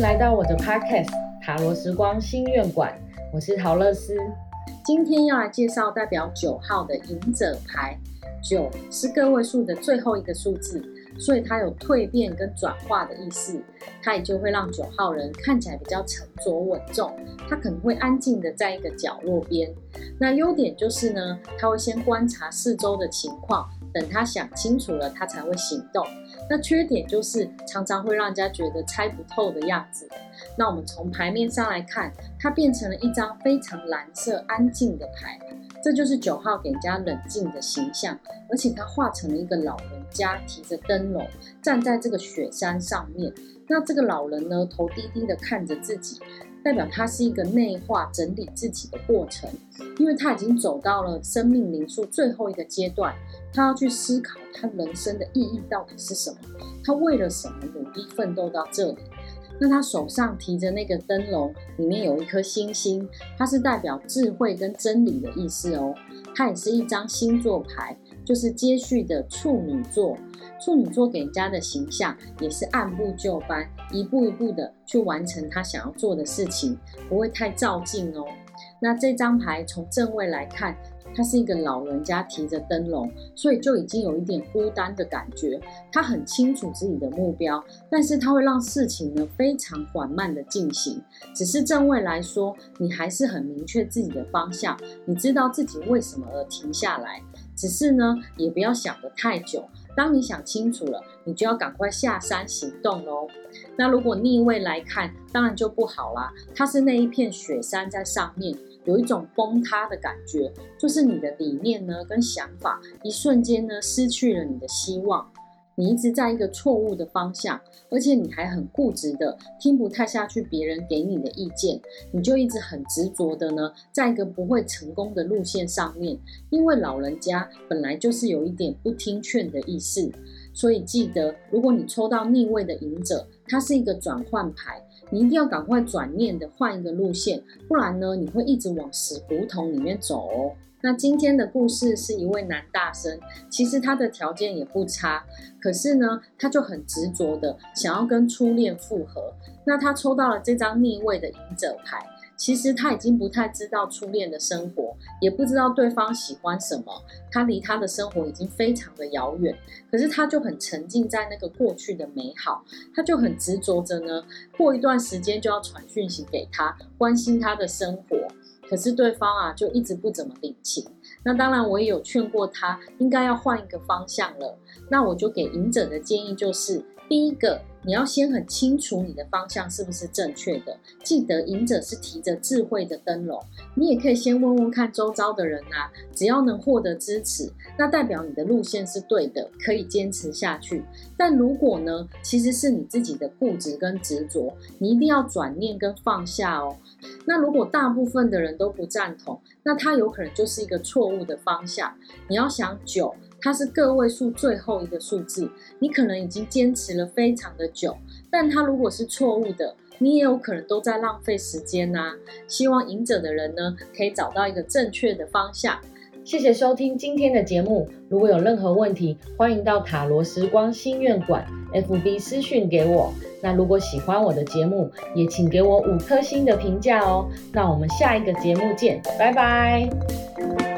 來到我的 podcast 塔羅食光心願館，我是桃樂絲。今天要來介紹代表九號的隱者牌。九是個位數的最後一個數字，所以它有蛻變跟轉化的意思，它也就會讓九號人看起來比較沉着穩重。他可能會安靜的在一個角落邊。那優點就是呢，他會先觀察四周的情況。等他想清楚了，他才會行動。那缺點就是常常會讓人家覺得猜不透的樣子。那我們從牌面上來看，它變成了一張非常藍色、安靜的牌。這就是九號給人家冷靜的形象，而且他畫成了一個老人家提着燈籠站在這個雪山上面。那這個老人呢，頭低低的看着自己，代表他是一個內化整理自己的過程，因為他已經走到了生命靈數最後一個階段，他要去思考他人生的意義到底是什麼，他為了什麼努力奮鬥到這裡。那他手上提着那個燈籠，裡面有一顆星星，它是代表智慧跟真理的意思哦。它也是一張星座牌，就是接續的處女座。處女座給人家的形象也是按部就班，一步一步的去完成他想要做的事情，不會太躁進哦。那這張牌從正位來看。他是一個老人家提着燈籠，所以就已經有一點孤單的感覺。他很清楚自己的目標，但是他會讓事情呢非常緩慢的進行。只是正位來說，你還是很明確自己的方向，你知道自己為什麼而停下來。只是呢，也不要想得太久。當你想清楚了，你就要趕快下山行動嘍。那如果逆位來看，當然就不好啦。它是那一片雪山在上面，有一種崩塌的感覺，就是你的理念呢跟想法，一瞬間呢失去了你的希望。你一直在一個錯誤的方向，而且你還很固執的聽不太下去別人給你的意見，你就一直很執着的呢，在一個不會成功的路線上面。因為老人家本來就是有一點不聽勸的意思，所以記得，如果你抽到逆位的隱者，他是一個轉換牌，你一定要趕快轉念的換一個路線，不然呢，你會一直往死胡同裡面走哦。那今天的故事是一位男大生，其實他的條件也不差，可是呢，他就很執着的想要跟初戀復合。那他抽到了這張逆位的隱者牌，其實他已經不太知道初戀的生活，也不知道對方喜歡什麼，他離他的生活已經非常的遙遠。可是他就很沉浸在那個過去的美好，他就很執着着呢，過一段時間就要傳訊息給他，關心他的生活。可是對方啊，就一直不怎麼領情。那當然，我也有勸過他，應該要換一個方向了。那我就給隱者的建議就是：第一個，你要先很清楚你的方向是不是正確的。記得隱者是提着智慧的燈籠，你也可以先問問看周遭的人啊，只要能獲得支持，那代表你的路線是對的，可以堅持下去。但如果呢，其實是你自己的固執跟執着，你一定要轉念跟放下哦。那如果大部分的人都不贊同，那他有可能就是一個錯誤的方向。你要想久。它是個位數最後一個數字，你可能已經堅持了非常的久，但它如果是錯誤的，你也有可能都在浪費時間吶、啊。希望隱者的人呢，可以找到一個正確的方向。謝謝收聽今天的節目，如果有任何問題，歡迎到塔羅食光心願館 FB 私訊給我。那如果喜歡我的節目，也請給我五顆星的評價哦。那我們下一個節目見，拜拜。